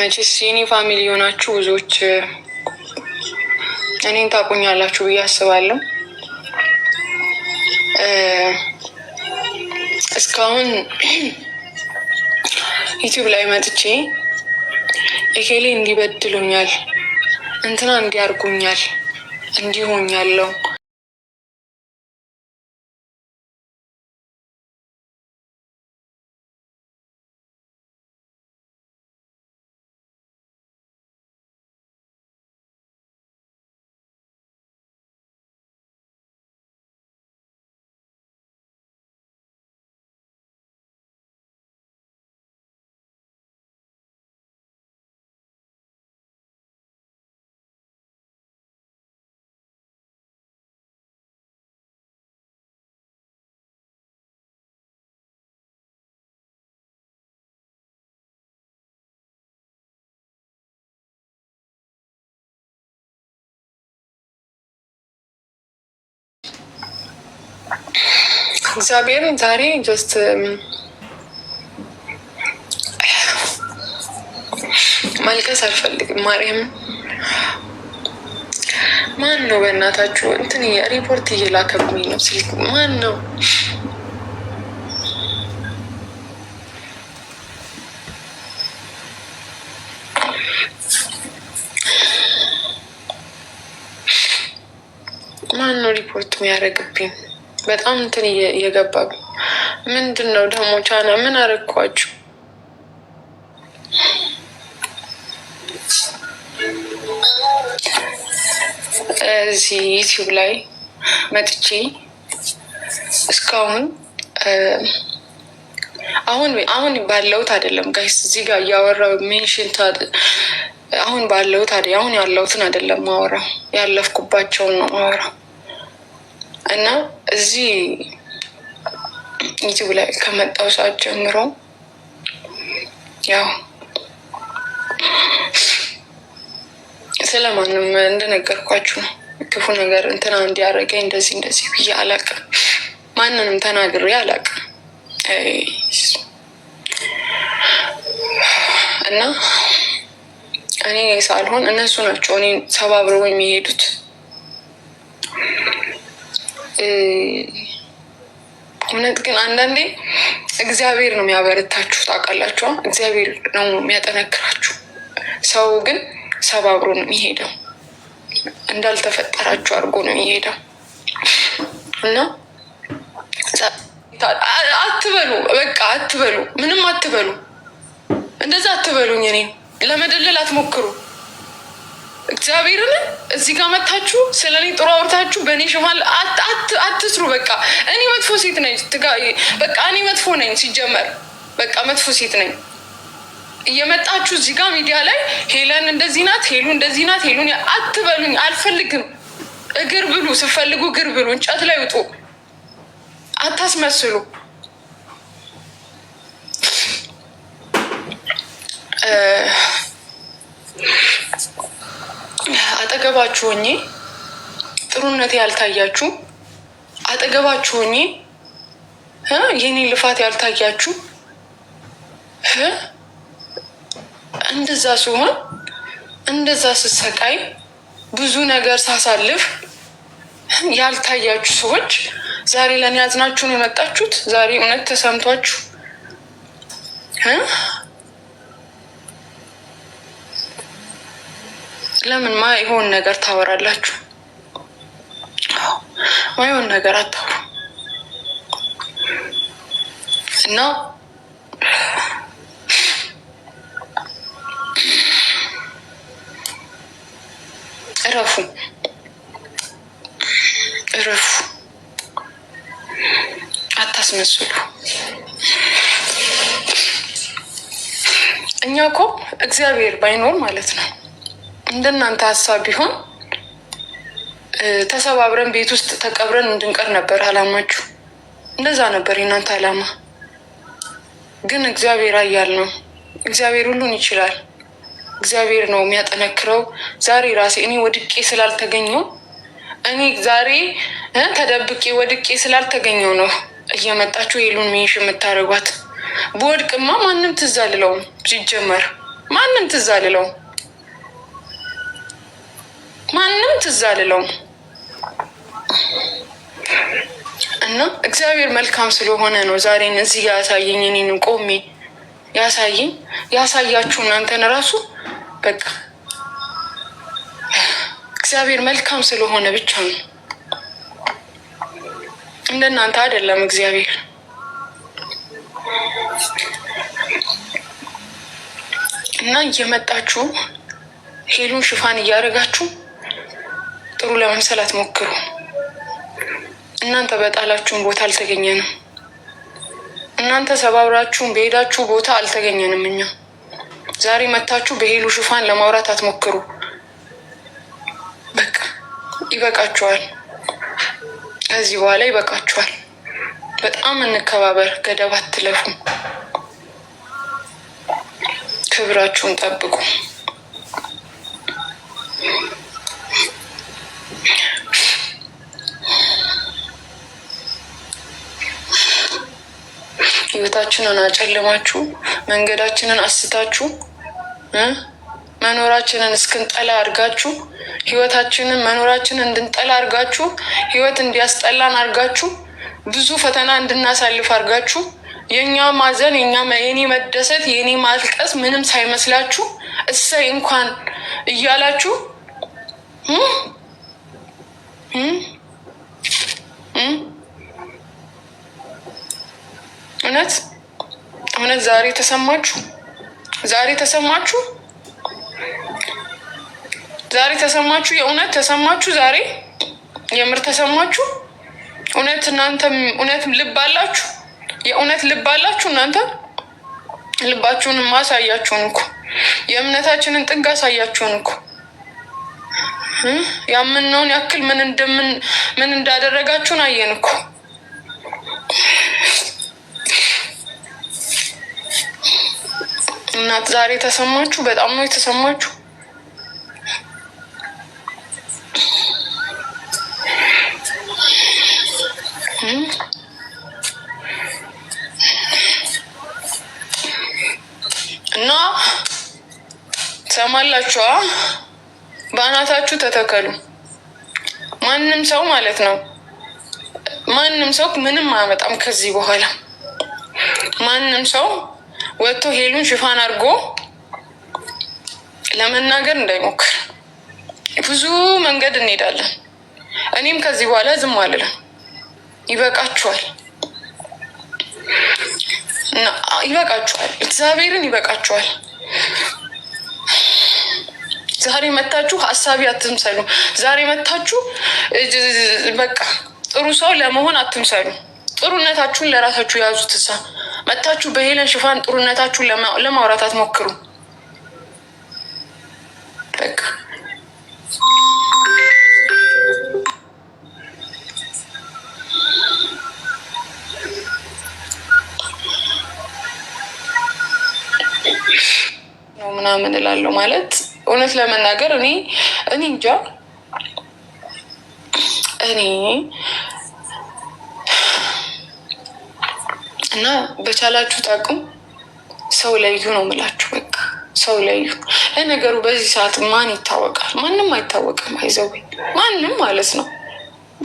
መቼስ የኔ ፋሚሊ የሆናችሁ ብዙዎች እኔን ታቁኛላችሁ ብዬ አስባለሁ። እስካሁን ዩቲዩብ ላይ መጥቼ ኤኬሌ እንዲበድሉኛል፣ እንትና እንዲያርጉኛል፣ እንዲሆኛለው እግዚአብሔርን ዛሬ ጀስት um, ማልቀስ አልፈልግም። ማርያም ማን ነው በእናታችሁ እንትን ሪፖርት እየላከብኝ ነው ስልክ ማን ነው? ማን ነው ሪፖርት የሚያደርግብኝ? በጣም እንትን እየገባ ምንድን ነው ደግሞ ቻና ምን አረግኳችሁ? እዚህ ዩቲዩብ ላይ መጥቼ እስካሁን አሁን አሁን ባለውት አይደለም ጋይስ፣ እዚህ ጋር እያወራው ሜንሽን አሁን ባለውት አሁን ያለውትን አይደለም ማወራው ያለፍኩባቸውን ነው ማወራው እና እዚህ ዩቲዩብ ላይ ከመጣው ሰዓት ጀምሮ ያው ስለማንም እንደነገርኳችሁ ነው። ክፉ ነገር እንትና እንዲያደርገኝ እንደዚህ እንደዚህ ብዬ አላቀ ማንንም ተናግሬ አላቀ እና እኔ ሳልሆን እነሱ ናቸው እኔ ሰባብረው የሚሄዱት። እውነት ግን አንዳንዴ እግዚአብሔር ነው የሚያበረታችሁ። ታውቃላችሁ፣ እግዚአብሔር ነው የሚያጠነክራችሁ። ሰው ግን ሰባብሮ ነው የሚሄደው፣ እንዳልተፈጠራችሁ አድርጎ ነው የሚሄደው እና አትበሉ፣ በቃ አትበሉ፣ ምንም አትበሉ፣ እንደዛ አትበሉኝ። እኔ ለመደለል አትሞክሩ። እግዚአብሔርን እዚህ ጋር መታችሁ ስለ እኔ ጥሩ አውርታችሁ በእኔ ሽማል አትስሩ። በቃ እኔ መጥፎ ሴት ነኝ። በቃ እኔ መጥፎ ነኝ ሲጀመር፣ በቃ መጥፎ ሴት ነኝ። እየመጣችሁ እዚህ ጋር ሚዲያ ላይ ሄለን እንደዚህ ናት፣ ሄሉ እንደዚህ ናት፣ ሄሉን አትበሉኝ። አልፈልግም። እግር ብሉ፣ ስትፈልጉ እግር ብሉ፣ እንጨት ላይ ውጡ። አታስመስሉ። አጠገባችሁ ሆኜ ጥሩነት ያልታያችሁ አጠገባችሁ ሆኜ የኔ ልፋት ያልታያችሁ እንደዛ ሲሆን እንደዛ ስሰቃይ ብዙ ነገር ሳሳልፍ ያልታያችሁ ሰዎች ዛሬ ለእኔ አዝናችሁን የመጣችሁት ዛሬ እውነት ተሰምቷችሁ ለምንማ የሆን ነገር ታወራላችሁ? ማይሆን ነገር አታወሩ እና እረፉ እረፉ። አታስመስሉ። እኛ እኮ እግዚአብሔር ባይኖር ማለት ነው እንደናንተ ሀሳብ ቢሆን ተሰባብረን ቤት ውስጥ ተቀብረን እንድንቀር ነበር አላማችሁ። እንደዛ ነበር የእናንተ አላማ። ግን እግዚአብሔር አያል ነው። እግዚአብሔር ሁሉን ይችላል። እግዚአብሔር ነው የሚያጠነክረው። ዛሬ ራሴ እኔ ወድቄ ስላልተገኘው እኔ ዛሬ ተደብቄ ወድቄ ስላልተገኘው ነው እየመጣችሁ የሉን ሜንሽ የምታደርጓት። በወድቅማ ማንም ትዝ አልለውም። ሲጀመር ማንም ትዝ አልለውም። ማንም ትዝ አልለውም እና እግዚአብሔር መልካም ስለሆነ ነው ዛሬን እዚህ ያሳየኝ። እኔን ቆሜ ያሳየኝ ያሳያችሁ እናንተን ራሱ በቃ እግዚአብሔር መልካም ስለሆነ ብቻ ነው። እናንተ አይደለም እግዚአብሔር። እና እየመጣችሁ ሄሉን ሽፋን እያደረጋችሁ ጥሩ ለመምሰል አትሞክሩ። እናንተ በጣላችሁን ቦታ አልተገኘንም። እናንተ ሰባብራችሁን በሄዳችሁ ቦታ አልተገኘንም። እኛ ዛሬ መታችሁ በሄሉ ሽፋን ለማውራት አትሞክሩ። በቃ ይበቃችኋል። ከዚህ በኋላ ይበቃችኋል። በጣም እንከባበር፣ ገደብ አትለፉ፣ ክብራችሁን ጠብቁ። ህይወታችንን አጨልማችሁ መንገዳችንን አስታችሁ መኖራችንን እስክንጠላ አድርጋችሁ ህይወታችንን መኖራችንን እንድንጠላ አድርጋችሁ ህይወት እንዲያስጠላን አድርጋችሁ ብዙ ፈተና እንድናሳልፍ አድርጋችሁ የእኛ ማዘን የኛ የኔ መደሰት የኔ ማልቀስ ምንም ሳይመስላችሁ እሰይ እንኳን እያላችሁ እ እ እውነት እውነት ዛሬ ተሰማችሁ፣ ዛሬ ተሰማችሁ፣ ዛሬ ተሰማችሁ፣ የእውነት ተሰማችሁ፣ ዛሬ የምር ተሰማችሁ። እውነት እናንተ እውነት ልብ አላችሁ፣ የእውነት ልብ አላችሁ እናንተ ልባችሁን አሳያችሁን እኮ የእምነታችንን ጥግ አሳያችሁን እኮ ያምነውን ያክል ምን እንዳደረጋችሁን አየን እኮ። እናት ዛሬ ተሰማችሁ? በጣም ነው የተሰማችሁ። እና ሰማላችኋ፣ በአናታችሁ ተተከሉ። ማንም ሰው ማለት ነው ማንም ሰው ምንም አያመጣም ከዚህ በኋላ ማንም ሰው ወጥቶ ሄሉን ሽፋን አድርጎ ለመናገር እንዳይሞክር ብዙ መንገድ እንሄዳለን። እኔም ከዚህ በኋላ ዝም አልልም። ይበቃችኋል፣ ይበቃችኋል፣ እግዚአብሔርን ይበቃችኋል። ዛሬ መታችሁ ሀሳቢ አትምሰሉ። ዛሬ መታችሁ በቃ ጥሩ ሰው ለመሆን አትምሰሉ። ጥሩነታችሁን ለራሳችሁ የያዙት እሳ መታችሁ በሄለን ሽፋን ጥሩነታችሁን ለማውራት አትሞክሩ። ምናምን እላለሁ ማለት እውነት ለመናገር እኔ እኔ እንጃ እኔ እና በቻላችሁ ጠቁም ሰው ለዩ ነው የምላችሁ። በቃ ሰው ለዩ። ለነገሩ በዚህ ሰዓት ማን ይታወቃል? ማንም አይታወቅም። አይዘው ማንም ማለት ነው።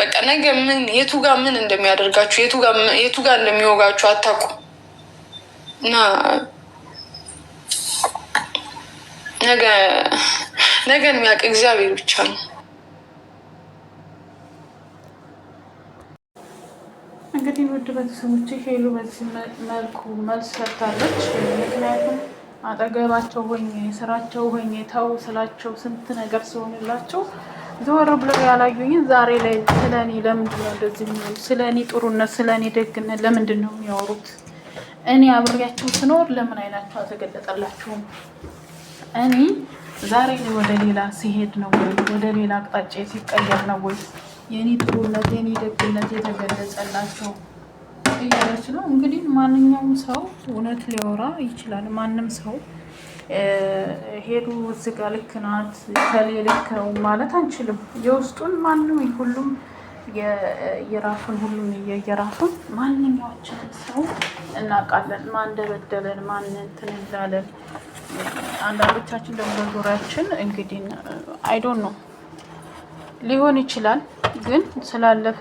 በቃ ነገ ምን የቱ ጋ ምን እንደሚያደርጋችሁ የቱ ጋ እንደሚወጋችሁ አታውቁም እና ነገ ነገን የሚያውቅ እግዚአብሔር ብቻ ነው። እንግዲህ ውድ ቤተሰቦች ሄሉ በዚህ መልኩ መልስ ሰጥታለች። ምክንያቱም አጠገባቸው ሆኜ ስራቸው ሆኜ ተው ስላቸው ስንት ነገር ሲሆንላቸው ዞር ብለው ያላዩኝን ዛሬ ላይ ስለ እኔ ለምንድን ነው እንደዚህ የሚሆኑ? ስለ እኔ ጥሩነት፣ ስለ እኔ ደግነት ለምንድን ነው የሚያወሩት? እኔ አብሬያቸው ስኖር ለምን አይናቸው አልተገለጠላቸውም? እኔ ዛሬ ላይ ወደ ሌላ ሲሄድ ነው ወይ ወደ ሌላ አቅጣጫ ሲቀየር ነው ወይ የኔ ጥሩነት የኔ ደግነት የተገለጸላቸው እያለች ነው። እንግዲህ ማንኛውም ሰው እውነት ሊያወራ ይችላል። ማንም ሰው ሄዱ ዝጋ ጋ ልክ ናት ከሌ ልክ ነው ማለት አንችልም። የውስጡን ማንም ሁሉም የራሱን ሁሉም የየራሱን ማንኛዎችን ሰው እናውቃለን። ማን ደበደለን፣ ማን እንትን እንዳለን። አንዳንዶቻችን ደግሞ በዙሪያችን እንግዲህ አይዶን ነው ሊሆን ይችላል። ግን ስላለፈ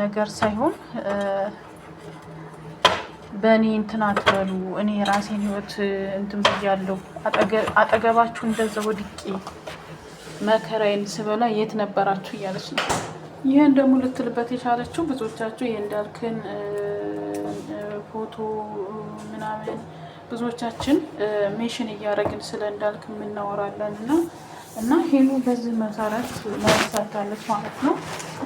ነገር ሳይሆን በእኔ እንትን አትበሉ። እኔ የራሴን ህይወት እንትን ብያለሁ። አጠገባችሁ እንደዛ ወድቄ መከራዬን ስበላ የት ነበራችሁ እያለች ነው። ይህን ደግሞ ልትልበት የቻለችው ብዙዎቻችሁ የእንዳልክን ፎቶ ምናምን ብዙዎቻችን ሜሽን እያደረግን ስለ እንዳልክ የምናወራለን እና እና ሄሉ በዚህ መሰረት ማሳታለች ማለት ነው።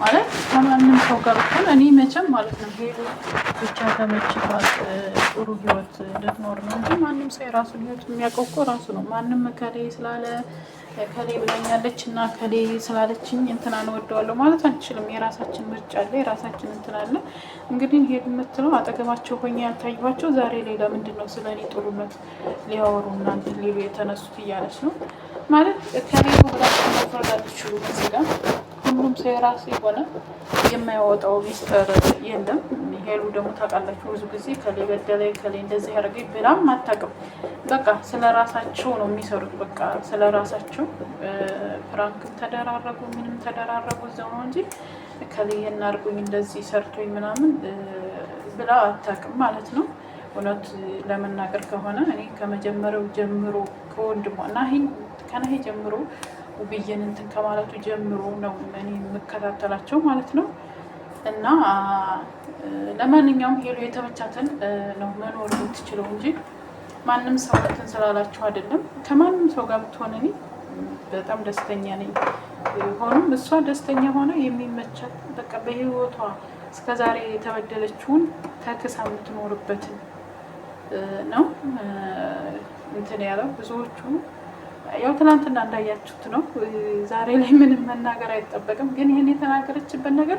ማለት ከማንም ሰው ጋር ብትሆን እኔ መቼም ማለት ነው ሄሉ ብቻ ተመችቷት ጥሩ ህይወት እንድትኖር ነው እንጂ ማንም ሰው የራሱን ህይወት የሚያውቀው እኮ ራሱ ነው። ማንም ከሌ ስላለ ከሌ ብለኛለች እና ከሌ ስላለችኝ እንትና ንወደዋለሁ ማለት አንችልም። የራሳችን ምርጫ አለ፣ የራሳችን እንትን አለ። እንግዲህ ሄዱ የምትለው አጠገባቸው ሆኜ ያልታየኋቸው ዛሬ ላይ ለምንድን ነው ስለ እኔ ጥሩነት ሊያወሩ እናንትን ሊሉ የተነሱት እያለች ነው ማለት ከኔ ሁላችሁ መፍረድ አትችሉም። እዚህ ጋር ሁሉም ሰው የራሱ የሆነ የማያወጣው ሚስጥር የለም። ሄሉ ደግሞ ታውቃላችሁ፣ ብዙ ጊዜ ከሌ በደለ ከሌ እንደዚህ ያደርገኝ ብላም አታውቅም። በቃ ስለ ራሳቸው ነው የሚሰሩት። በቃ ስለ ራሳቸው ፕራንክ ተደራረጉ፣ ምንም ተደራረጉ እዛው ነው እንጂ ከሌ እናርጉኝ እንደዚህ ሰርቶኝ ምናምን ብላ አታውቅም ማለት ነው። እውነት ለመናገር ከሆነ እኔ ከመጀመሪያው ጀምሮ ከወንድሟ እና ከነሄ ጀምሮ ውብዬን እንትን ከማለቱ ጀምሮ ነው እኔ የምከታተላቸው ማለት ነው። እና ለማንኛውም ሄሎ የተመቻትን ነው መኖር የምትችለው እንጂ ማንም ሰው እንትን ስላላችሁ አይደለም። ከማንም ሰው ጋር ብትሆን እኔ በጣም ደስተኛ ነኝ። ሆኖም እሷ ደስተኛ ሆነ የሚመቻት በቃ በህይወቷ እስከዛሬ የተበደለችውን ተክሳ የምትኖርበትን ነው እንትን ያለው ብዙዎቹ ያው ትናንትና እንዳያችሁት ነው። ዛሬ ላይ ምንም መናገር አይጠበቅም። ግን ይህን የተናገረችበት ነገር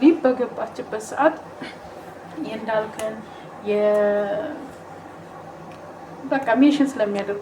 ሊብ በገባችበት ሰዓት የእንዳልከን በቃ ሜሽን ስለሚያደርጉ